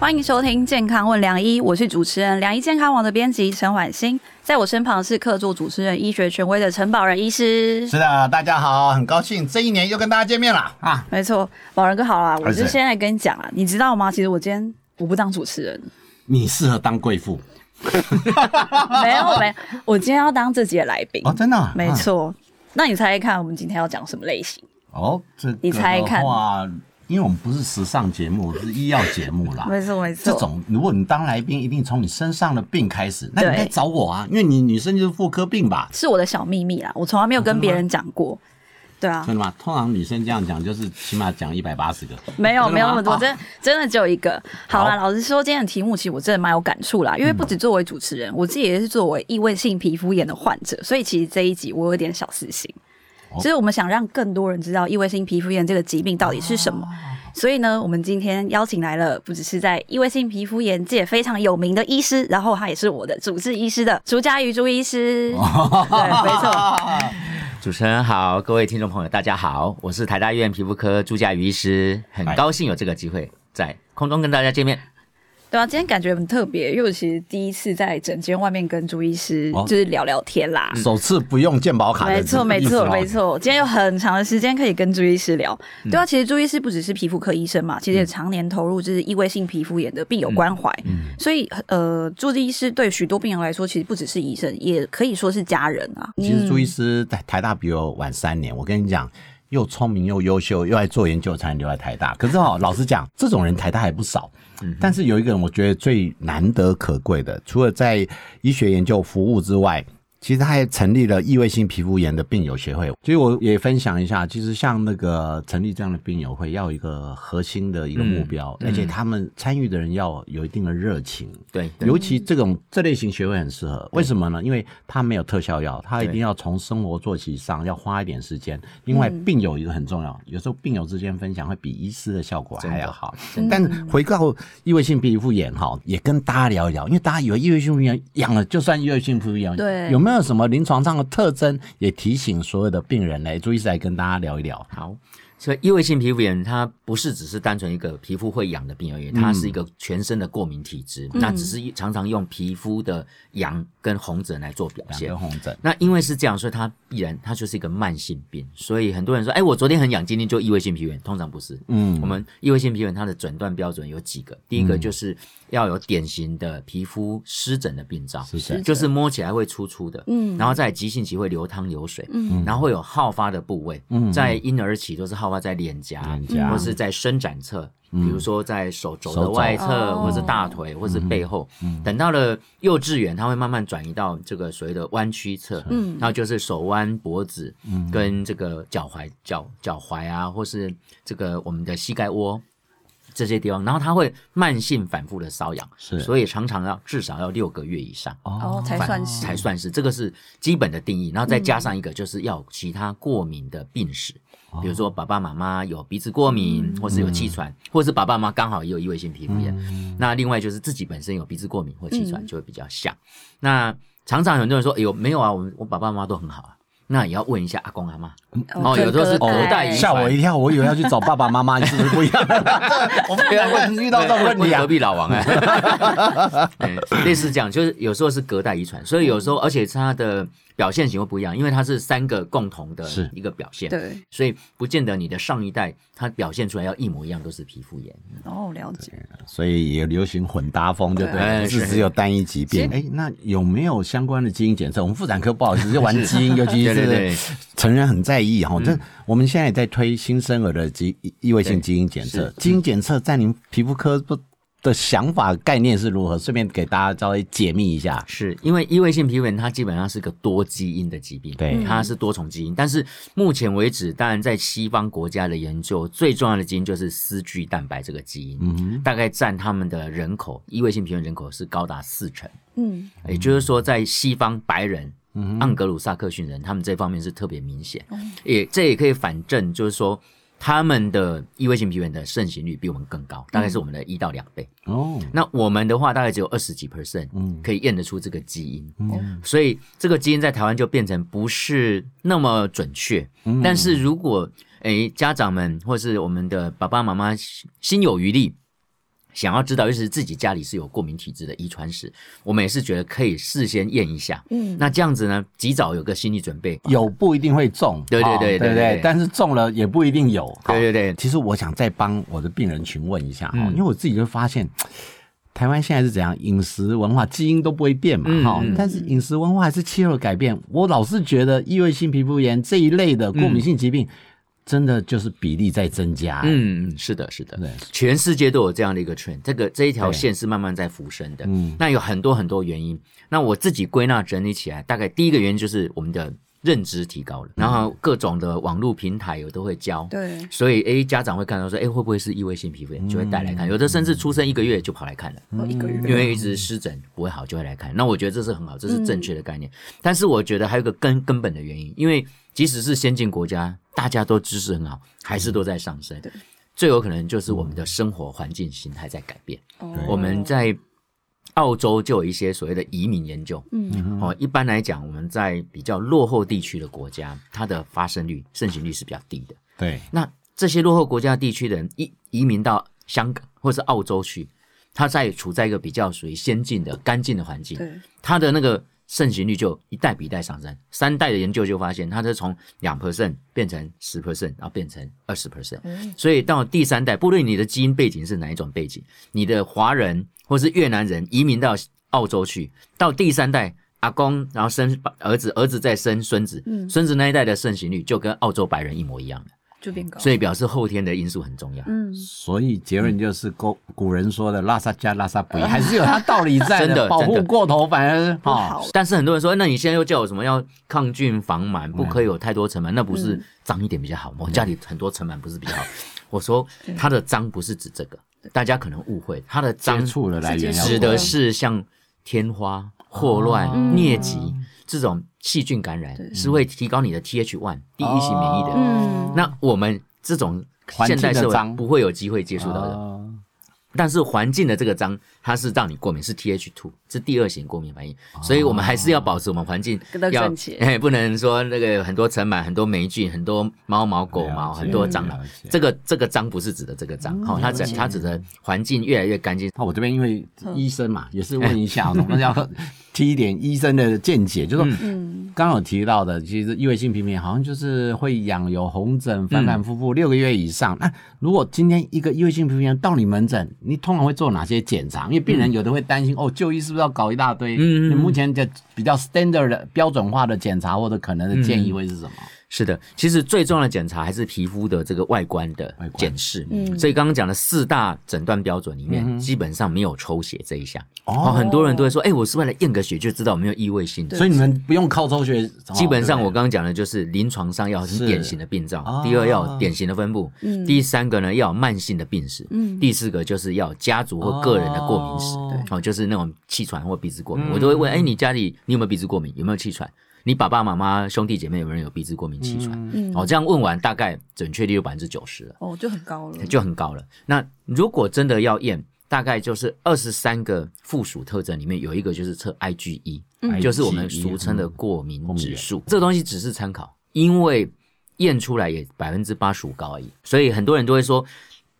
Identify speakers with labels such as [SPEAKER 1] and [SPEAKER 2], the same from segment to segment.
[SPEAKER 1] 歡迎收聽《健康問良醫》，我是主持人良醫健康網的編輯陳宛欣，在我身旁是客座主持人、醫學權威的陳保仁醫師。
[SPEAKER 2] 是的，大家好，很
[SPEAKER 1] 高興這一年又跟大家見面了啊！沒錯，保仁哥，好了，我就現在跟你講啊，你知道嗎？其實我今天我不當主持人，
[SPEAKER 2] 你適合當貴婦。
[SPEAKER 1] 沒有沒有，我今天要當自己的來賓哦！真的、啊，沒錯。啊、那你猜一看，我們今天要講什麼類型？
[SPEAKER 2] 哦，這個、你猜一哇因為我們不是時尚節目，是醫藥節目啦。 沒錯，沒錯。這種如果你當來賓，一定從你身上的病開始。那你可以找我啊，因為你女生就是婦科病吧？
[SPEAKER 1] 是我的小秘密啦，我從來沒有跟別人講過。對啊。真
[SPEAKER 2] 的嗎？通常女生這樣講，就是起碼講一百八十個。沒有，沒有那麼多，哦、真
[SPEAKER 1] 的真的只有一個。好啦好，老實說，今天的題目其實我真的蠻有感觸啦，因為不只作為主持人，我自己也是作為異位性皮膚炎的患者、嗯，所以其實這一集我有點小私心。哦、所以我們想讓更多人知道異位性皮膚炎這個疾病到底是什麼，哦、所以呢，我們今天邀請來了不只是在異位性皮膚炎界非常有名的醫師，然後他也是我的主治醫師的朱家瑜朱醫師、哦。對，沒錯。
[SPEAKER 3] 主持人好，各位聽眾朋友大家好，我是台大醫院皮膚科朱家瑜醫師，很高興有這個機會在空中跟大家見面。
[SPEAKER 1] 對啊，今天感覺很特別，因為我其實第一次在診間外面跟朱醫師就是聊聊天啦，哦、首
[SPEAKER 3] 次不用
[SPEAKER 2] 健保卡、嗯。沒錯，沒錯，沒錯。
[SPEAKER 1] 今天有很長的時間可以跟朱醫師聊、嗯。對啊，其實朱醫師不只是皮膚科醫生嘛，其實也常年投入就是異位性皮膚炎的病友、嗯、關懷。嗯，所以呃，朱醫師對許多病人來說，其實不只是醫生，也可以說是家人啊。其實朱醫
[SPEAKER 2] 師在台大比我晚三年，我跟你講。又聰明又優秀又愛做研究，才能留在台大。可是哦，老實講，這種人台大還不少。嗯，但是有一個人，我覺得最難得可貴的，除了在醫學研究服務之外，其實他還成立了異位性皮膚炎的病友協會，所以我也分享一下。其實像那個成立這樣的病友會，要有一個核心的一個目標、嗯嗯，而且他們參與的人要有一定的熱情。對，
[SPEAKER 3] 對尤其
[SPEAKER 2] 這種這類型協會很適合，為什麼呢？因為他沒有特效藥，他一定要從生活作息上要花一點時間。另外，病友一個很重要，有時候病友之間分享會比醫師的效果還要好。嗯、但回到異位性皮膚炎哈，也跟大家聊一聊，因為大家以為異位性皮膚炎癢了就算異位性皮膚炎，對，有沒有？那什麼臨床上的特徵，
[SPEAKER 3] 也提醒所有的病人來注意，再跟大家聊一聊。好。所以異位性皮膚炎它不是只是單純一個皮膚會癢的病而已，它是一個全身的過敏體質、嗯。那只是常常用皮膚的癢跟紅疹來做表現。紅疹。那因為是這樣，所以它必然它就是一個慢性病。所以很多人說，哎、欸，我昨天很癢，今天就異位性皮膚炎。通常不是。嗯。我們異位性皮膚炎它的診斷標準有幾個？第一個就是要有典型的皮膚濕疹的病灶、嗯，就是摸起來會粗粗的是是，就是摸起來會粗粗的。嗯。然後在急性期會流湯流水。嗯嗯。然後會有好發的部位。嗯。在嬰兒期都是好。或在臉頰、嗯，或是在伸展側、嗯，比如說在手肘的外側，或是大腿，哦、或是背後、嗯嗯。等到了幼稚園，它會慢慢轉移到這個所謂的彎曲側，那、嗯、就是手彎、脖子跟這個腳踝、腳腳踝啊，或是這個我們的膝蓋窩。這些地方，然後他會慢性反覆的瘙癢，所以常常要至少要六個月以上哦才算是才算是這個是基本的定義。然後再加上一個就是要其他過敏的病史、嗯，比如說爸爸媽媽有鼻子過敏，哦、或是有氣喘，嗯、或是爸爸媽媽剛好也有異位性皮膚炎、嗯。那另外就是自己本身有鼻子過敏或氣喘就會比較像。嗯、那常常很多人說，哎呦，沒有啊，我我爸爸媽媽都很好啊。那也要問一下阿公阿媽、嗯、哦，哦，有時候是隔代遺傳，嚇我一跳，我以為要去找爸爸媽媽，其實 是不一樣。 我們不要在問， 遇到這種問題你隔壁老王哎，嗯 嗯 嗯、 類似這樣就是有時候是隔代遺傳，所以有時候而且他的。表現型會不一樣，因為它是三個共同的一個表現，對，所以不見得你的上一代他表現出來要一模一樣都是皮膚炎。
[SPEAKER 1] 哦，了解。
[SPEAKER 2] 所以也流行混搭風就對，就不是只有單一疾病。哎、欸，那有沒有相關的基因檢測？我們婦產科不好意思，就玩基因，尤其是 對對對成人很在意哈、嗯。這我們現在也在推新生兒的基異位性基因檢測。基因檢測在您皮膚科不？的想法概念是如何？順便給
[SPEAKER 3] 大家稍微解密一下。是因為異位性皮膚炎它基本上是個多基因的疾病，對，它是多重基因，嗯。但是目前為止，當然在西方國家的研究，最重要的基因就是絲聚蛋白這個基因，嗯，大概占他們的人口異位性皮膚炎人口是高達四成。嗯，也就是說，在西方白人，嗯，盎、嗯、格魯撒克遜人，他們這方面是特別明顯，嗯。也這也可以反證，就是說，他們的異位性皮炎的盛行率比我們更高，大概是我們的一到兩倍哦、嗯。那我們的話大概只有二十幾 percent 可以驗得出這個基因、嗯，所以這個基因在台灣就變成不是那麼準確、嗯。但是如果哎、欸，家長們或是我們的爸爸媽媽心有餘力。想要知道，就是自己家裡是有過敏體質的遺傳史，我們也是覺得可以事先驗一下。嗯，那這樣子呢，及早有個心理準備。有不一定會中、哦，對對對對，對對對對，但是中了也不一定有、哦。對對對，其實我想
[SPEAKER 2] 再幫我的病人詢問一下，嗯、因為我自己就發現，台灣現在是怎樣飲食文化、基因都不會變嘛，哈、嗯，但是飲食文化還是氣候改變、嗯，我老是覺得異位性皮膚炎這一類的過敏性疾病。嗯真的就是比例在增加，欸，嗯，是的，
[SPEAKER 3] 是的，是的，全世界都有這樣的一個 trend，這個這一條線是慢慢在浮昇的。嗯，那有很多很多原因，嗯。那我自己歸納整理起來，大概第一個原因就是我們的認知提高了，嗯、然後各種的網絡平台我都會教，對、嗯，所以哎，家長會看到說，哎，會不會是異位性皮膚炎，就會帶來看，嗯，有的甚至出生一個月就跑來看了，一個月，因為一直濕疹不會好，就會來看，嗯。那我覺得這是很好，這是正確的概念。嗯、但是我覺得還有個根根本的原因，因為。即使是先進國家，大家都知識很好，還是都在上升。嗯、對，最有可能就是我們的生活環境形態在改變。我們在澳洲就有一些所謂的移民研究。嗯，哦，一般來講，我們在比較落後地區的國家，它的發生率、盛行率是比較低的。對，那這些落後國家地區的人移移民到香港或是澳洲去，他在處在一個比較屬於先進的、乾淨的環境，對，他的那個。盛行率就一代比一代上升，三代的研究就發現，它是從兩 percent 變成十 percent，然後變成二十 percent。所以到第三代，不論你的基因背景是哪一種背景，你的華人或是越南人移民到澳洲去，到第三代阿公，然後生兒子，兒子再生孫子，孫子那一代的盛行率就跟澳洲白人一模一樣了。就變高，所以表示後天的因素很重要。嗯，所以結論就是古古人說的“拉薩加拉薩”不一樣，還是有它道理在的。 真的保護過頭反而不好。哦，但是很多人說，那你現在又叫我什麼要抗菌防蟎，不可以有太多塵蟎，嗯？那不是髒一點比較好嗎？嗯，我家裡很多塵蟎不是比較好？我說它的髒不是指這個，大家可能誤會它的髒接觸的來源指的是像天花。霍亂、瘧疾、嗯、這種細菌感染是會提高你的 TH1 第一型免疫的、嗯。那我們這種現代社會不會有機會接觸到的。但是環境的這個髒，它是讓你過敏，是 T H 2，是第二型過敏反應，哦，所以我們還是要保持我們環境要、哦要哎，不能說那個很多塵蟎、很多黴菌、很多貓毛、狗毛、嗯、很多蟑螂。嗯、這個這個髒不是指的這個髒，好、嗯哦，它指它指的環境越來越乾淨。那、嗯哦、我這邊因為醫生嘛、哦，也是問一
[SPEAKER 2] 下，我們要提一點醫生的見解， 就是說，剛、嗯、有提到的，其實異位性皮炎好像就是會癢、有紅疹，反反复覆六個月以上。啊如果今天一個異位性皮膚炎到你門診，你通常會做哪些檢查？因為病人有的會擔心、嗯、哦，就醫是不是要搞一大堆？嗯嗯，嗯。你目前的比較 standard 的標準化的檢查或者可能的建議會
[SPEAKER 3] 是什麼？嗯嗯是的，其實最重要的檢查還是皮膚的這個外觀的檢視。嗯，所以剛剛講的四大診斷標準裡面，嗯，基本上沒有抽血這一項。哦，很多人都會說，哎，欸，我是為了驗個血就知道我沒有異位性的。所以你們不用靠抽血。基本上我剛剛講的就是臨床上要很典型的病灶，第二要有典型的分布，嗯，第三個呢要有慢性的病史，嗯，第四個就是要家族或個人的過敏史。哦，對，哦，就是那種氣喘或鼻子過敏，嗯，我都會問，哎，欸，你家裡你有沒有鼻子過敏？有沒有氣喘？你爸爸媽媽兄弟姐妹有沒有人有鼻子過敏氣喘、嗯嗯？哦，這樣問完大概準確率有百分之九十了，
[SPEAKER 1] 哦，就很高了，就
[SPEAKER 3] 很高了。那如果真的要驗，大概就是二十三個附屬特徵裡面有一個就是測 IgE，、嗯、就是我們俗稱的過敏指數、嗯。這個、東西只是參考，因為驗出來也百分之八十五高而已，所以很多人都會說。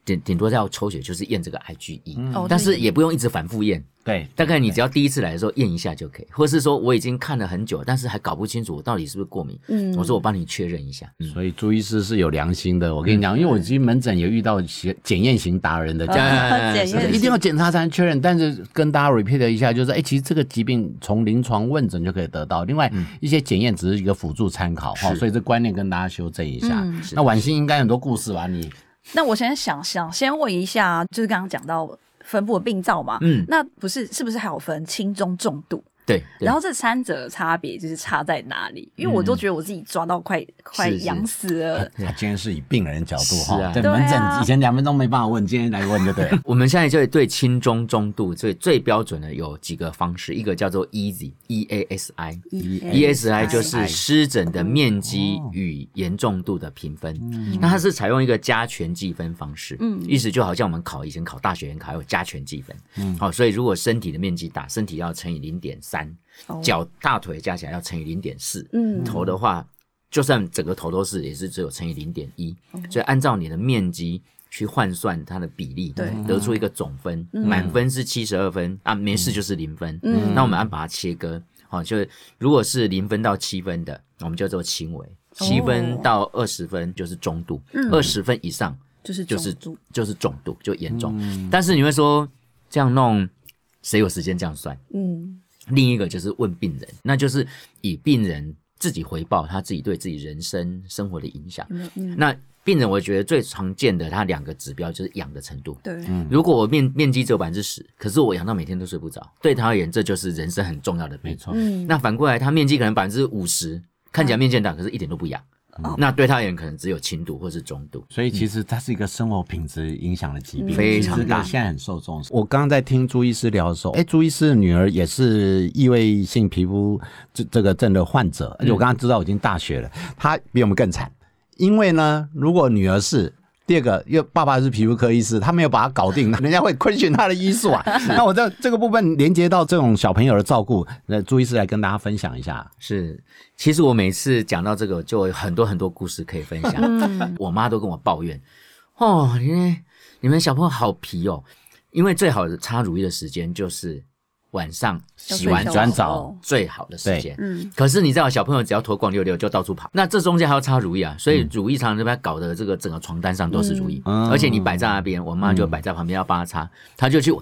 [SPEAKER 3] 頂頂多要抽血，就是驗這個 IgE，、嗯、但是也不用一直反覆驗對對。對，大概你只要第一次來的時候驗一下就可以，或是說我已經看了很久，但是還搞不清楚我到底是不是過敏。嗯，我說我幫你確認一下。所以朱醫師是有良心的，我跟你講，嗯、因為我其實門診也遇到
[SPEAKER 2] 些檢驗型達人的，嗯嗯、這樣、嗯、一定要檢查才能確認。但是跟大家 repeat 一下，就是哎，其實這個疾病從臨床問診就可以得到，另外一些檢驗只是一個輔助參考哈、嗯。所以這觀念跟大家修正一下。嗯、那宛欣應該有很多故事吧？你。
[SPEAKER 1] 那我先想想，先問一下，就是剛剛講到分布的病灶嘛，嗯，那不是，是不是還有分輕中重度？
[SPEAKER 3] 對，對，然後這
[SPEAKER 1] 三者的差別就是差在哪裡？因為我都覺得我自己抓到快、嗯、快癢死了。
[SPEAKER 3] 他、啊、今天是以病人的角度哈，在、啊哦啊、門診以前兩分鐘沒辦法問，今天來問就對 我們現在就對輕中中度最最標準的有幾個方式，一個叫做 EASI，EASI EASI、e、EASI 就是濕疹的面積與嚴重度的評分。哦、那它是採用一個加權計分方式，嗯，意思就好像我們考以前考大學也考有加權計分，嗯、好、哦，所以如果身體的面積大，身體要乘以零點三。腳、oh.、大腿加起來要乘以零點四，嗯，頭的話，就算整個頭都是，也是只有乘以零點一，所以按照你的面積去換算它的比例，對，得出一個總分，滿、嗯、分是七十二分、嗯、啊，沒事就是零分嗯，嗯，那我們按把它切割，好，就是如果是零分到七分的，我們叫做輕微；七分到二十分就是中度，二、oh. 十分以上就是、嗯、就是重就是重度就嚴重、嗯。但是你會說這樣弄，誰有時間這樣算？嗯。另一個就是問病人，那就是以病人自己回報他自己對自己人生生活的影響。嗯嗯、那病人我覺得最常見的他兩個指標就是癢的程度。對、嗯，如果我面面積只有百分之十，可是我癢到每天都睡不着，對他而言這就是人生很重要的病。病、嗯、沒錯。那反過來，他面積可能百分之五十，看起來面積大，可是一點都不癢。那對他而言可能只有輕度或是中度、嗯，所以其實他是一個生活品質
[SPEAKER 2] 影響的疾病、嗯，非常大，就是、現在很受重視。我剛剛在聽朱醫師聊的時候，哎、欸，朱醫師的女兒也是異位性皮膚這這個症的患者，而且我剛剛知道我已經大學了，她比我們更慘，因為呢，如果女兒是。第二個，因為爸爸是皮膚科醫師，他沒有把它搞定，人家會虧損他的醫術啊。那我這這個部分連接到這種小朋友的照顧，那朱醫師來跟大家分享一下。是，其實我每次講到這
[SPEAKER 3] 個，就有很多很多故事可以分享。 我媽都跟我抱怨，哦，你們你們小朋友好皮哦，因為最好的擦乳液的時間就是。晚上洗完轉澡，最好的時間。嗯，可是你知道，小朋友只要脫光溜溜就到處跑，嗯、那這中間還要擦乳液啊，所以乳液常常就被搞得這個整個床單上都是乳液，嗯、而且你擺在那邊，我媽就擺在旁邊要幫她擦，她、嗯、就去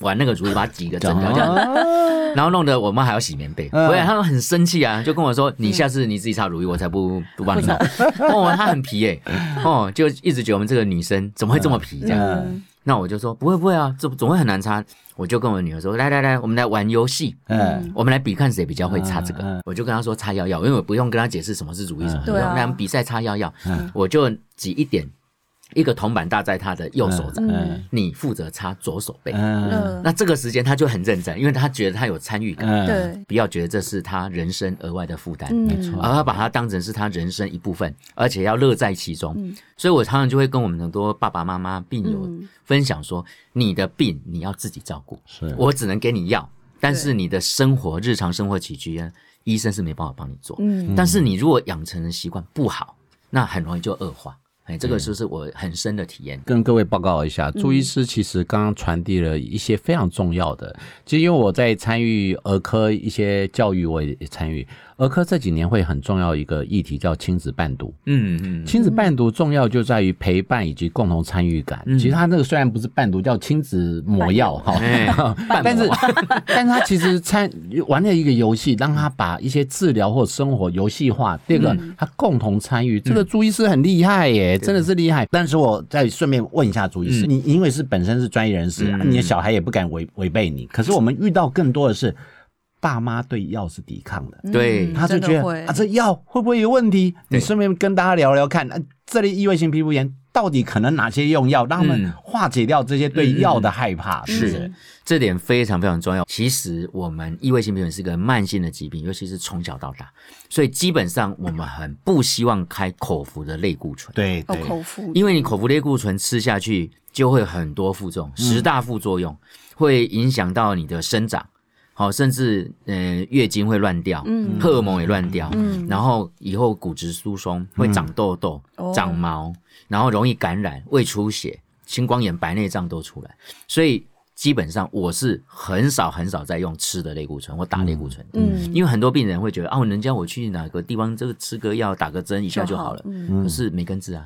[SPEAKER 3] 玩那個乳液把擠個，把擠個整條這樣，然後弄得我媽還要洗棉被，嗯、所以他們很生氣啊，就跟我說、嗯：“你下次你自己擦乳液，我才不不幫你弄。” 哦，她很皮哎、欸，哦，就一直覺得我們這個女生怎麼會這麼皮這樣。嗯嗯。那我就說不會不會啊，這總會很難擦。我就跟我女兒說，來來來，我們來玩遊戲，嗯，嗯我們來比看誰比較會擦這個、嗯。我就跟她說擦藥藥，因為我不用跟她解釋什麼是乳液，什麼、嗯對啊、不用、那我們比賽擦藥藥、嗯、我就擠一點。一個銅板搭在他的右手掌，嗯嗯、你負責擦左手背、嗯。那這個時間他就很認真，因為他覺得他有參與感，對、嗯，不要覺得這是他人生額外的負擔，沒、嗯、錯，而他把它當成是他人生一部分，而且要樂在其中、嗯。所以我常常就會跟我們很多爸爸媽媽病友分享說、嗯：你的病你要自己照顧，我只能給你藥，但是你的生活日常生活起居啊，醫生是沒辦法幫你做。嗯，但是你如果養成的習慣不好，那很容易就惡化。哎，這個就是，是我很深的體驗，嗯，
[SPEAKER 2] 跟各位報告一下。朱醫師其實剛剛傳遞了一些非常重要的，嗯，其實因為我在參與兒科一些教育，我也參與。兒科這幾年會很重要一個議題叫親子伴讀。嗯嗯，親子伴讀重要就在於陪伴以及共同參與感。嗯、其實他那個雖然不是伴讀，叫親子抹藥哈、嗯，但是、嗯、但是他其實參玩了一個遊戲、嗯，讓他把一些治療或生活遊戲化。這個、嗯，他共同參與、嗯。這個朱醫師很厲害耶，真的是厲害。嗯、但是我再順便問一下朱醫師，嗯、你因為是本身是專業人士，嗯、你的小孩也不敢違違背你、嗯。可是我們遇到更多的是。爸媽對藥是抵抗的，對、嗯，他就覺得啊，這藥會不會有問題？你順便跟大家聊聊看，啊，這類異位性皮膚炎到底可能哪些用藥，讓他們
[SPEAKER 3] 化解掉這些對藥的害怕。嗯、是、嗯，這點非常非常重要。其實我們異位性皮膚炎是個慢性的疾病，尤其是從小到大，所以基本上我們很不希望開口服的類固醇。嗯、對對、哦口服，因為你口服類固醇吃下去就會很多負重，十大副作用會影響到你的生長。好，甚至嗯、呃，月經會亂掉，嗯，荷爾蒙也亂掉，嗯，然後以後骨質疏鬆、嗯，會長痘痘、嗯、長毛、哦，然後容易感染、胃出血、青光眼、白內障都出來。所以基本上我是很少很少在用吃的類固醇，我打類固醇，嗯，因為很多病人會覺得、嗯、啊，人家我去哪個地方這個吃個藥打個針一下就好了，好嗯、可是沒根治啊，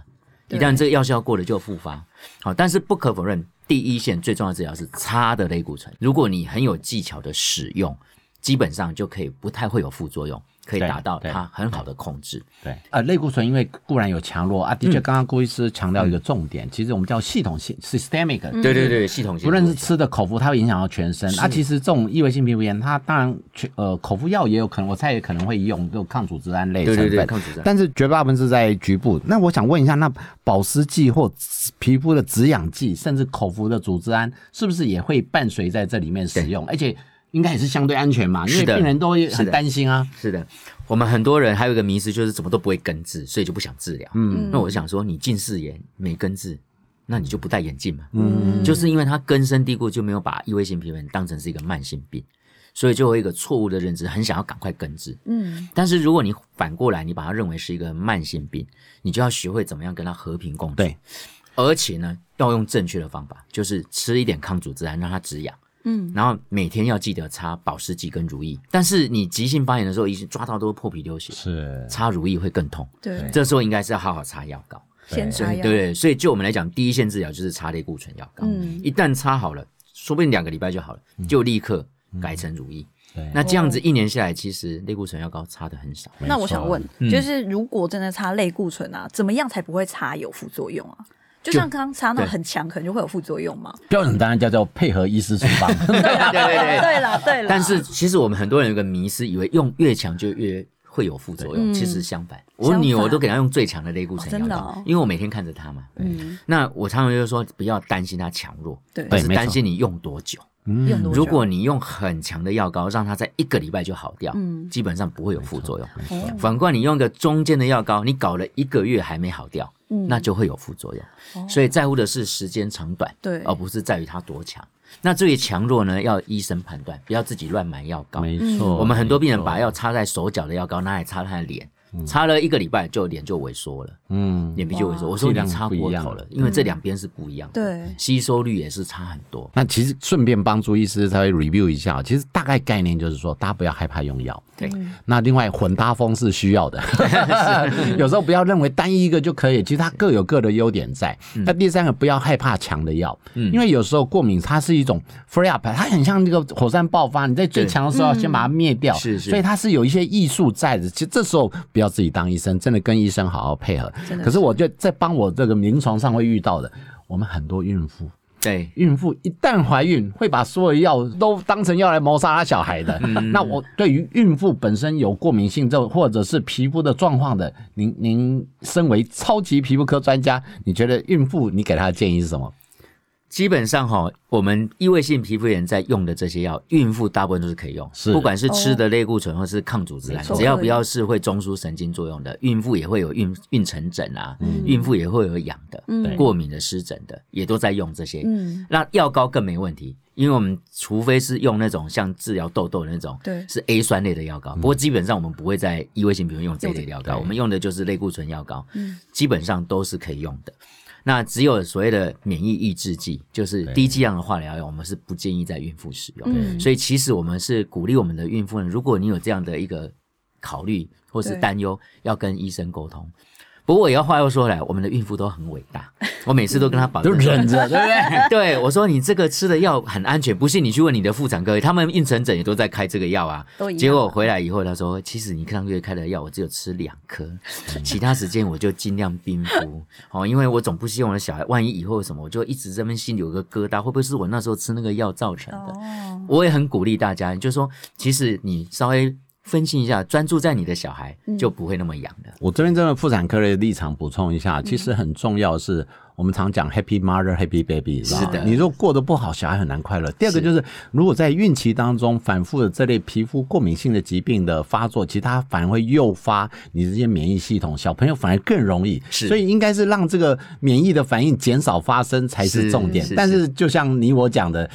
[SPEAKER 3] 一旦這個藥效過了就復發。好，但是不可否認。第一線最重要的治療是差的類固醇。如果你很有技巧的使用，基本上就可以不太會有副作用。可以達到它很好的控制，對對
[SPEAKER 2] 對。對，呃，類固醇因為固然有強弱，嗯、啊，的確剛剛郭醫師強調一個重點、嗯，其實我們叫系統性 systemic，對對對，系統性，不論是吃的口服、嗯，它會影響到全身。那、啊、其實這種異位性皮膚炎，它當然全呃口服藥也有可能，我猜也可能會用這種抗組織胺類成分，對對對，抗組織胺，但是絕大部分是在局部。那我想問一下，那保濕劑或皮膚的止癢劑，甚至口服的組織胺，是不是也會伴隨在這裡面使用？而且。應該也是
[SPEAKER 3] 相對安全嘛，是的，因為病人都很擔心啊。是。是的，我們很多人還有一個迷思，就是怎麼都不會根治，所以就不想治療。嗯，那我想說，你近視眼沒根治，那你就不戴眼鏡嘛？嗯，就是因為它根深蒂固，就沒有把異位性皮膚炎當成是一個慢性病，所以就有一個錯誤的認知，很想要趕快根治。嗯，但是如果你反過來，你把它認為是一個慢性病，你就要學會怎麼樣跟它和平共處。對，而且呢，要用正確的方法，就是吃一點抗組織胺讓它止癢。嗯，然後每天要記得擦保濕劑跟乳液，但是你急性發炎的時候，已經抓到都會破皮流血，是擦乳液會更痛。對，這時候應該是要好好擦藥膏，先對，對，所以就我們來講，第一線治療就是擦類固醇藥膏。嗯，一旦擦好了，說不定兩個禮拜就好了，就立刻改成乳液，嗯。那這樣子一年下來，嗯、其實類固醇藥膏擦得很少。那我想問，就是
[SPEAKER 1] 如果真的擦類固醇啊，嗯、怎麼樣才不會擦有副作用啊？
[SPEAKER 3] 就，就像剛剛擦那很
[SPEAKER 1] 強，可能就會有副作用嘛。
[SPEAKER 3] 標準答案叫做配合醫師處方。
[SPEAKER 1] 對對對 對了對了。但是
[SPEAKER 3] 其實我們很多人有個迷思，以為用越強就越會有副作用。其實相反、嗯、相反，我女兒我都給她用最強的類固醇，真的、哦，因為我每天看着她嘛。嗯。那我常常就說，不要擔心她強弱，對，是擔心你用多久。嗯，如果你用很強的藥膏，讓它在一個禮拜就好掉，嗯，基本上不會有副作用。反觀你用個中間的藥膏，你搞了一個月還沒好掉，嗯，那就會有副作用。哦，所以在乎的是時間長短，對，而不是在於它多強。那至於強弱呢，要醫生判斷，不要自己亂買藥膏。沒錯，我們很多病人把藥擦在手腳的藥膏，拿來擦他的臉。差了一個禮拜，就臉就萎縮了，嗯，臉皮就萎縮。我說兩差不妥了、嗯，因為這兩邊是不一樣的，對，吸收率也是差很多。
[SPEAKER 2] 那其實順便幫朱醫師稍微 review 一下，其實大概概念就是說，大家不要害怕用藥。對，那另外混搭風是需要的， 是啊、 有時候不要認為單一一個就可以，其實它各有各的優點在。那第三個不要害怕強的藥、嗯，因為有時候過敏它是一種 flare up，它很像那個火山爆發，你在最強的時候先把它滅掉，是、嗯，所以它是有一些藝術在的。其實這時候要自己當醫生，真的跟醫生好好配合。是，可是我就在幫我這個臨床上會遇到的，我們很多孕婦，對，孕婦一旦懷孕，會把所有藥都當成要來謀殺她小孩的。嗯、 那我對於孕婦本身有過敏性症，或者是皮膚的狀況的，
[SPEAKER 3] 您您身為超級皮膚科專家，你覺得孕婦，你給她的建議是什麼？基本上吼，我們異位性皮膚炎在用的這些藥，孕婦大部分都是可以用，是不管是吃的類固醇或是抗組織胺，只要不要是會中樞神經作用的，孕婦也會有孕孕成疹啊，嗯、孕婦也會有癢的、嗯、過敏的、濕疹的，也都在用這些。嗯、那藥膏更沒問題，因為我們除非是用那種像治療痘痘那種，對，是 A 酸類的藥膏、嗯。不過基本上我們不會在異位性皮膚用這類藥膏，我們用的就是類固醇藥膏、嗯，基本上都是可以用的。那只有所謂的免疫抑制劑，就是低劑量的化療藥，我們是不建議在孕婦使用。所以，其實我們是鼓勵我們的孕婦人，如果你有這樣的一個考慮或是擔憂，要跟醫生溝通。不過，也要話又說回來，我們的孕婦都很偉大。我每次都跟她保證，忍、嗯、着，對不對？對，我說你這個吃的藥很安全，不信你去問你的婦產科，他們孕產診也都在開這個藥啊。都一樣。結果我回來以後，她說：“其實你上個月開的藥，我只有吃兩顆、嗯，其他時間我就盡量冰敷。 哦，因為我總不希望我的小孩，萬一以後什麼，我就一直這麼心裡有個疙瘩，會不會是我那時候吃那個藥造成的？哦、我也很鼓勵大家，就是說其實你稍微”分析一下，專注在你的小孩、嗯、就不會那麼癢的。我這
[SPEAKER 2] 邊站在婦產科的立場補充一下、嗯，其實很重要的是我們常講 happy mother happy baby，是吧？是的。你如果過得不好，小孩很難快樂。第二個就是、是，如果在孕期當中反復的這類皮膚過敏性的疾病的發作，其實它反而會誘發你這些免疫系統，小朋友反而更容易。是。所以應該是讓這個免疫的反應減少發生才是重點。是。是。但是就像你我講的。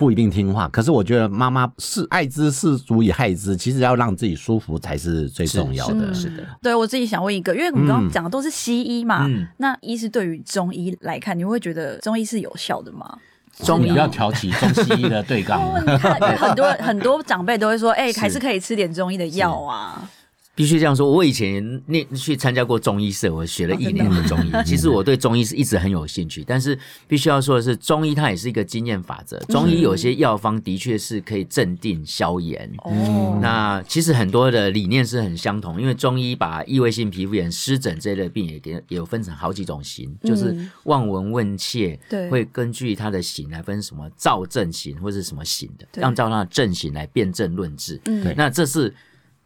[SPEAKER 2] 不一定聽話，可是我覺得媽媽是愛之，是足以害之。其實要讓自己舒服才是最重要的。是，是，
[SPEAKER 1] 的，、嗯、是的，對我自己想問一個，因為我們剛剛講的都是西醫嘛，嗯、那醫師對於中醫來看，你會覺得中醫是有效的嗎？中醫要
[SPEAKER 3] 挑起，中西醫的對抗 ，
[SPEAKER 1] 很多很多長輩都會說，哎、欸，還是可以吃點中醫的藥啊。
[SPEAKER 3] 必須這樣說，我以前那去參加過中醫社，我學了一年的中醫。 其實我對中醫是一直很有興趣， 但是必須要說的是，中醫它也是一個經驗法則。中醫有些藥方的確是可以鎮定消炎。哦、嗯，那其實很多的理念是很相同，因為中醫把異位性皮膚炎、濕疹這一類病也給也分成好幾種型，嗯、就是望聞問切，會根據它的型來分什麼燥症型或是什麼型的，讓照它的症型來辨證論治。嗯，那這是。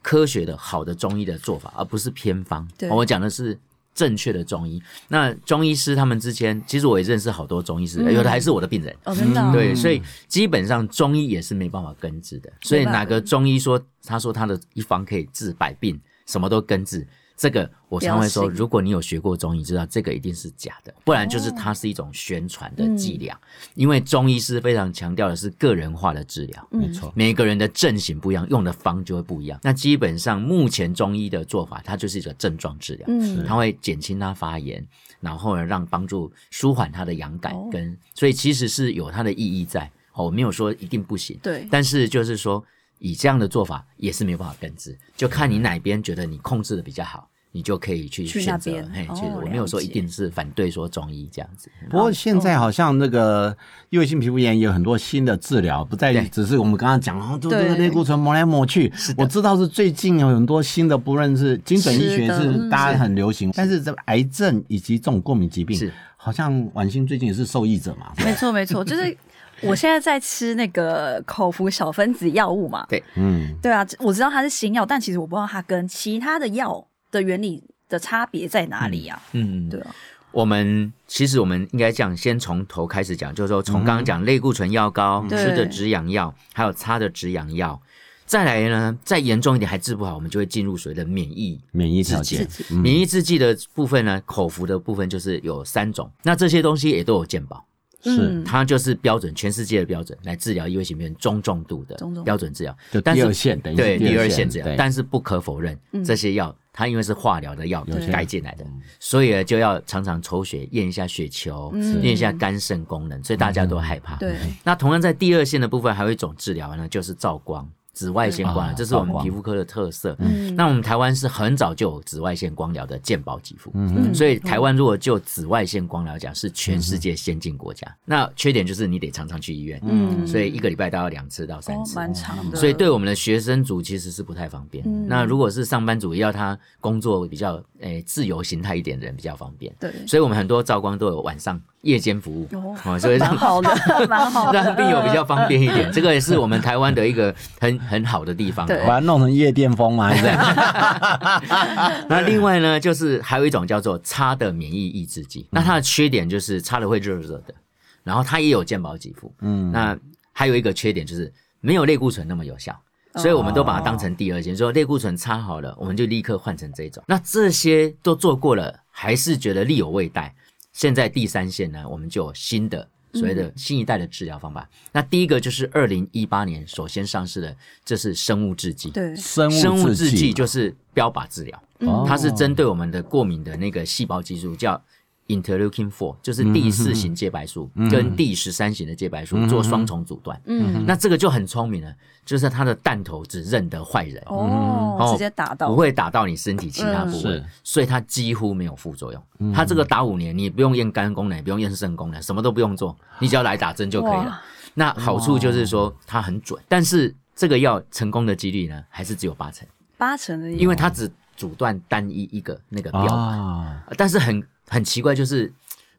[SPEAKER 3] 科學的好的中醫的做法，而不是偏方。對哦、我講的是正確的中醫。那中醫師他們之間，其實我也認識好多中醫師，嗯、有的還是我的病人、嗯。對，所以基本上中醫也是沒辦法根治的。所以哪個中醫說他說他的一方可以治百病，什麼都根治？這個我常會說，如果你有學過中醫，知道這個一定是假的，不然就是它是一種宣傳的伎倆、哦嗯。因為中醫是非常強調的是個人化的治療，沒錯，每個人的症型不一樣，用的方就會不一樣。那基本上目前中醫的做法，它就是一個症狀治療、嗯，它會減輕它發炎，然後呢，讓幫助舒緩它的癢感，哦、跟所以其實是有它的意義在、哦。我沒有說一定不行，對，但是就是說。以這樣的做法也是沒有辦法根治，就看你哪邊覺得你控制得比較好，你就可以去選擇。嘿，其實我沒有說一定是反對說中醫這樣子。哦、不
[SPEAKER 2] 過現在好像那個異位性皮膚炎有很多新的治療，不再只是我們剛剛講就都都類固醇抹來抹去。我知道是最近有很多新的，不論是精準醫學是大家很流行、嗯，但是這癌症以及這種過敏疾病，是好像宛欣最近也是受益
[SPEAKER 3] 者嘛。
[SPEAKER 1] 沒錯，沒錯，就是。 我現在在吃那個口服小分子藥物嘛，對，嗯，對啊，我知道它是新藥，但其實我不知道它跟其他的藥的原理的差別在哪裡呀、啊嗯，嗯，
[SPEAKER 3] 對啊，我們其實我們應該這樣，先從頭開始講，就是說從剛剛講類固醇藥膏吃、嗯、的止癢藥、嗯，還有擦的止癢藥，再來呢，再嚴重一點還治不好，我們就會進入所謂的免疫免疫調節劑、嗯、免疫制劑的部分呢，口服的部分就是有三種，那這些東西也都有健保。是、嗯，它就是標準，全世界的標準來治療異位性病人中重度的，中標準治療。就第二線等於第,第二線治療，但是不可否認，這些藥它因為是化療的藥改進來的，所以就要常常抽血驗一下血球，驗、嗯、一下肝腎功,功能，所以大家都害怕、嗯。對，那同樣在第二線的部分，還有一種治療呢，就是照光。紫外線光、哦、光，這是我們皮膚科的特色。嗯、那我們台灣是很早就有紫外線光療的健保給付、嗯，所以台灣如果就紫外線光療講，是全世界先進國家、嗯。那缺點就是你得常常去醫院，嗯、所以一個禮拜都要兩次到三
[SPEAKER 1] 次，蠻、哦、長的。所以對
[SPEAKER 3] 我們的學生族其實是不太方便。嗯、那如果是上班族，要他工作比較誒、欸、自由形態一點的人比較方便。對，所以我們很多照光都有晚上。.夜間服務哦，所以讓好的蠻好的，病友、嗯、比較方便一點。 這個也是我們台灣的一個很 很，很好的地方。對，把它
[SPEAKER 2] 弄成夜店風嘛、啊，
[SPEAKER 3] 這樣。 那另外呢，就是還有一種叫做擦的免疫抑制劑、嗯，那它的缺點就是擦的會熱熱的，然後它也有健保給付。嗯，那還有一個缺點就是沒有類固醇那麼有效，所以我們都把它當成第二線、哦、說類固醇擦好了，我們就立刻換成這種、嗯。那這些都做過了，還是覺得力有未逮。現在第三線呢，我們就有新的所謂的新一代的治療方法、嗯。那第一個就是二零一八年首先上市的，這是生物製劑。對，生物製劑就是標靶治療、哦，它是針對我們的過敏的那個細胞激素叫。Interleukin-4 就是第四型介白素，嗯、跟第十三型的介白素，嗯、做雙重阻斷，嗯，那這個就很聰明了，就是它的彈頭只認得壞人哦，哦，直接打到不會打到你身體其他部位，嗯、所以它幾乎沒有副作用。嗯、它這個打五年，你也不用驗肝功能，也不用驗腎功能，什麼都不用做，你只要來打針就可以了。那好處就是說它很準，但是這個藥成功的幾率呢，還是只有八成，
[SPEAKER 1] 八成的，因為它只。
[SPEAKER 3] 阻斷單一一個那個標靶、哦，但是很很奇怪，就是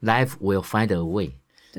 [SPEAKER 3] life will find a way，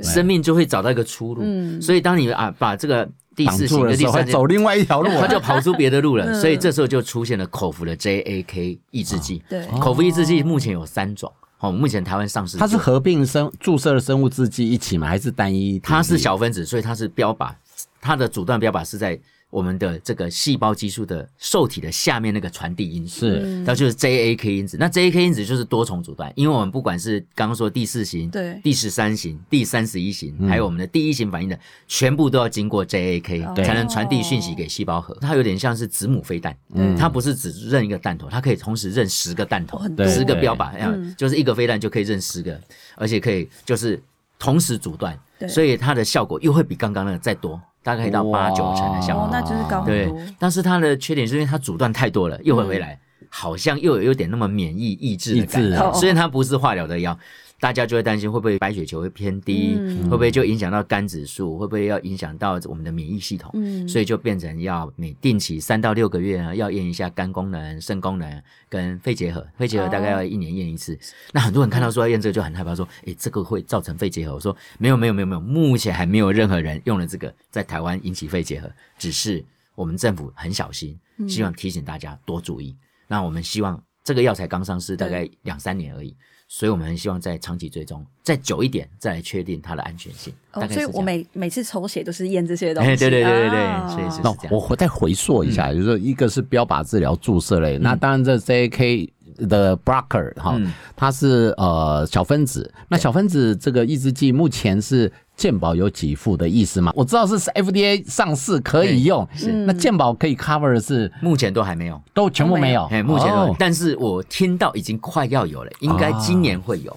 [SPEAKER 3] 生命就會找到一個出路。嗯，所以當你啊把這個第四性的地方，走另外一條路、啊，他就跑出別的路了、 嗯。所以這時候就出現了口服的 JAK 抑制劑、哦。對，口服抑制劑目前有三種。哦，目前台灣上市它是合併生注射的生物製劑一起嗎？還是單一,一？它是小分子，所以它是標靶，它的阻斷標靶是在。我們的這個細胞激素的受體的下面那個傳遞因子，是、嗯，它就是 JAK 因子。那 JAK 因子就是多重阻斷，因為我們不管是剛剛說第四型，對，第十三型，第三十一型，還有我們的第一型反應的，全部都要經過 JAK 對，才能傳遞訊息給細胞核、哦。它有點像是子母飛彈，嗯，它不是只認一個彈頭，它可以同時認十個彈頭，哦、十個標靶樣、嗯，就是一個飛彈就可以認十個，而且可以就是同時阻斷，對，所以它的效果又會比剛剛，剛那個再多。大概可以到八九成的效果，對，那就是高，但是它的缺點是因為它阻斷太多了，又會回來、嗯、好像又有，有點那麼免疫抑制的感覺。啊、雖然它不是化療的藥。大家就會擔心會不會白血球會偏低，嗯、會不會就影響到肝指數，會不會要影響到我們的免疫系統、嗯？所以就變成要每定期三到六個月呢要驗一下肝功能、腎功能跟肺結核。肺結核大概要一年驗一次、哦。那很多人看到說要驗這個就很害怕說，說、欸、哎這個會造成肺結核。我說沒有沒有沒有沒有，目前還沒有任何人用了這個在台灣引起肺結核。只是我們政府很小心，希望提醒大家多注意。嗯、那我們希望這個藥材剛上市大概兩三年而已。嗯所以，我們很希望在長期追蹤再久一點，再來確定它的安全性。哦，所以我
[SPEAKER 1] 每每次抽血都是驗這些東西、啊。對、欸、對對對對，謝、啊、謝。那、no, 我
[SPEAKER 3] 再
[SPEAKER 2] 回溯一下，就、嗯、是說一個是標靶治療注射類、嗯，那當然這 JAK 的 blocker 哈，它是呃小分子，那小分子這個抑制劑目前是。健保有給付的意思嗎？我知道是 FDA 上市可以用，是嗯、那健保可以 cover 的是目前都還沒有，都全部沒有。哎、欸，目前都有、哦，
[SPEAKER 3] 但是我聽到已經快要有了，應該今年會有。
[SPEAKER 2] 哦、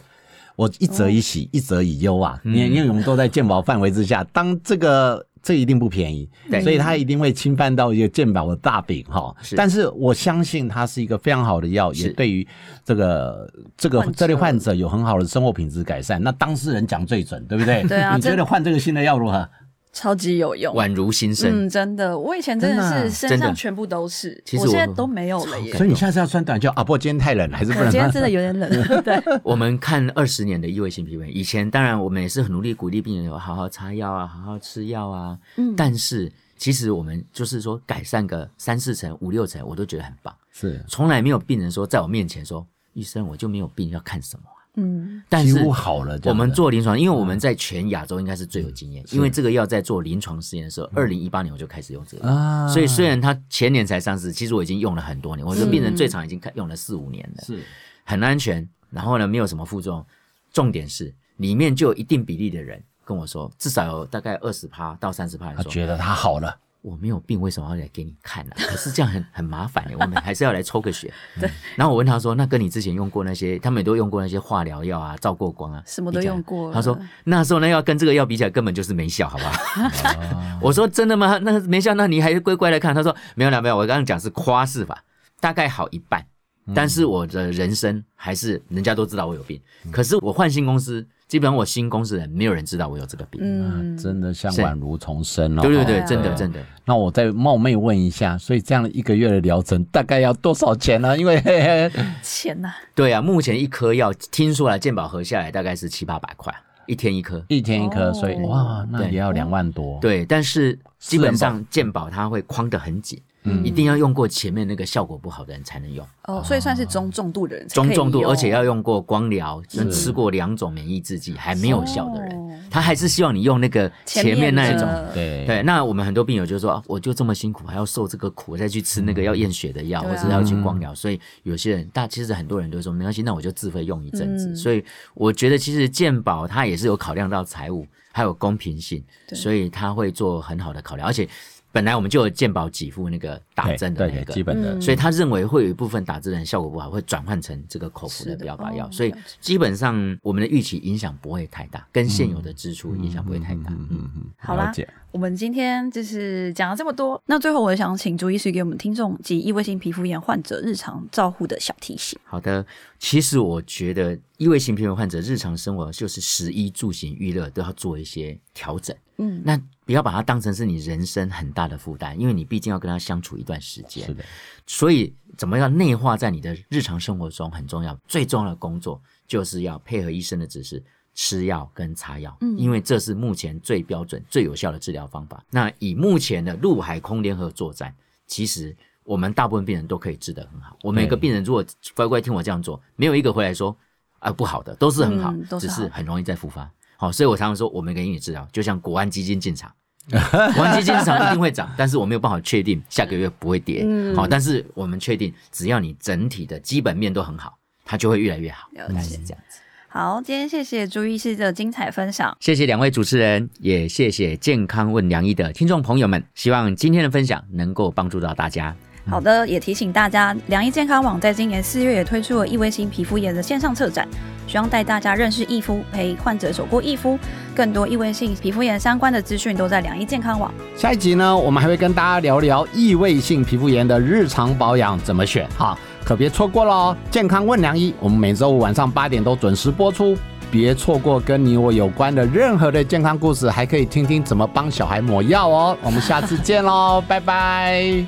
[SPEAKER 2] 我一則以喜，哦、一則以憂啊、嗯，因為我們都在健保範圍之下。當這個。這一定不便宜，所以它一定會侵犯到一個健保的大餅哈。但是我相信它是一個非常好的藥，也對於這個這個這類患者有很好的生活品質改善。那當事人講最準，對不對？對啊。你覺得換這個新的藥如何？
[SPEAKER 1] 超級有用，宛
[SPEAKER 2] 如新生。嗯，
[SPEAKER 1] 真的，我以前真的是身上全部都是，其實我現在都沒有了耶。所以
[SPEAKER 3] 你下次要穿短袖啊？不過今天太冷了，還是不能穿。今天真的有點冷。 對， 我們看二十年的異位性皮膚炎，以前當然我們也是很努力鼓勵病人有好好擦藥啊，好好，好吃藥啊。嗯。但是其實我們就是說改善個三四成、五六成，我都覺得很棒。是，從來沒有病人說在我面前說醫生，我就沒有病，要看什麼。嗯，但是我們做臨床，因為我們在全亞洲應該是最有經驗，因為這個藥在做臨床試驗的時候，二零一八年我就開始用這個，啊，所以雖然它前年才上市，其實我已經用了很多年，我這個病人最長已經用了四五年了，是，很安全，然後呢，沒有什麼副作用，重點是裡面就有一定比例的人跟我說，至少有大概二十趴到三十趴的時候，他覺得他好了。我沒有病，為什麼要來給你看呢、啊？可是這樣很很麻煩、欸， 我們還是要來抽個血。對、嗯。然後我問他說：“那跟你之前用過那些，他們也都用過那些化療藥啊，照過光啊，什麼都用過。”他說：“那時候那藥跟這個藥比起來，根本就是沒效，好不好？”啊、我說：“真的嗎？那沒效，那你還是乖乖的看？”他說：“沒有了，沒有。我剛剛講是誇飾法，大概好一半、嗯，但是我的人生還是人家都知道我有病。嗯、可是我換新公司。”基本上我新公司人沒有人知道我有這個
[SPEAKER 1] 病，嗯，啊、
[SPEAKER 3] 真的像宛
[SPEAKER 2] 如重生了、哦。對對對，對真的真的。那我再冒昧問一
[SPEAKER 3] 下，所以這樣一個月的療程大概要多少錢呢、啊？因為嘿嘿。
[SPEAKER 1] 錢啊。
[SPEAKER 3] 對啊，目前一顆藥，聽說來健保合下來大概是七八百塊，一天一顆，一天一顆，所以、哦、哇，那也要兩萬多對、哦。對，但是基本上健保它會框得很緊。嗯、一定要用過前面那個效果不好的人才能用
[SPEAKER 1] 哦，所以算是中重度的人才能用，中重度而且
[SPEAKER 3] 要用過光療，能吃過兩種免疫製劑還沒有效的人、哦，他還是希望你用那個前面那一種。對對，那我們很多病友就說、啊，我就這麼辛苦，還要受這個苦，我再去吃那個要驗血的藥，或、嗯、是要去光療、嗯。所以有些人，但其實很多人都說沒關係，那我就自費用一陣子、嗯。所以我覺得其實健保它也是有考量到財務還有公平性，對，所以他會做很好的考量，而且。本來我們就有健保給付那個打針的那個，對，基本的，所以他認為會有一部分打針的人效果不好、嗯，會轉換成這個口服的標靶藥，所以基本上我們的預期影響不會太大，嗯、跟現有的支出影響不會太大。嗯嗯，嗯，好啦、嗯，
[SPEAKER 1] 我們今天就是講了這麼多，那最後我想請朱醫師給我們聽眾及異位性皮膚炎患者日常照護的小提醒。
[SPEAKER 3] 好的，其實我覺得異位性皮膚炎患者日常生活就是食衣住行育樂都要做一些調整。嗯，那。不要把它當成是你人生很大的負擔，因為你畢竟要跟他相處一段時間。是的。所以，怎麼樣內化在你的日常生活中很重要。最重要的工作就是要配合醫生的指示吃藥跟擦藥。嗯，因為這是目前最標準、最有效的治療方法。那以目前的陸海空聯合作戰，其實我們大部分病人都可以治得很好。我每個病人如果乖乖聽我這樣做，沒有一個回來說啊，不好的，都是很好，嗯，都是好。只是很容易再複發。好，所以我常常說，我們給你治療，就像國安基金進場， 國安基金進場一定會漲， 但是我沒有辦法確定下個月不會跌。好、嗯，但是我們確定，只要你整體的基本面都很好，它就會越來越好。嗯、是是這樣子。
[SPEAKER 1] 好，今天謝謝朱醫師的精彩分享，
[SPEAKER 3] 謝謝兩位主持人，也謝謝健康問良醫的聽眾朋友們，希望今天的分享能夠幫助到大家。
[SPEAKER 1] 好的，也提醒大家，良醫健康網在今年四月也推出了異位性皮膚炎的線上策展，希望帶大家認識異膚，陪患者走過異膚。更多異位性皮膚炎相關的資訊都在良醫健康網。
[SPEAKER 2] 下一集呢，我們還會跟大家聊聊異位性皮膚炎的日常保養怎麼選，哈，可別錯過了喔，健康問良醫，我們每週五晚上八點都準時播出，別錯過跟你我有關的任何的健康故事，還可以聽聽怎麼幫小孩抹藥哦、喔。我們下次
[SPEAKER 1] 見嘍， 拜拜。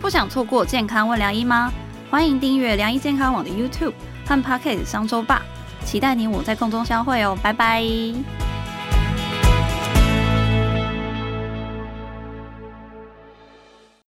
[SPEAKER 1] 不想錯過健康問良醫嗎？歡迎訂閱良醫健康網的 YouTube 和 Podcast 商周吧，期待你我在空中相會哦，拜拜。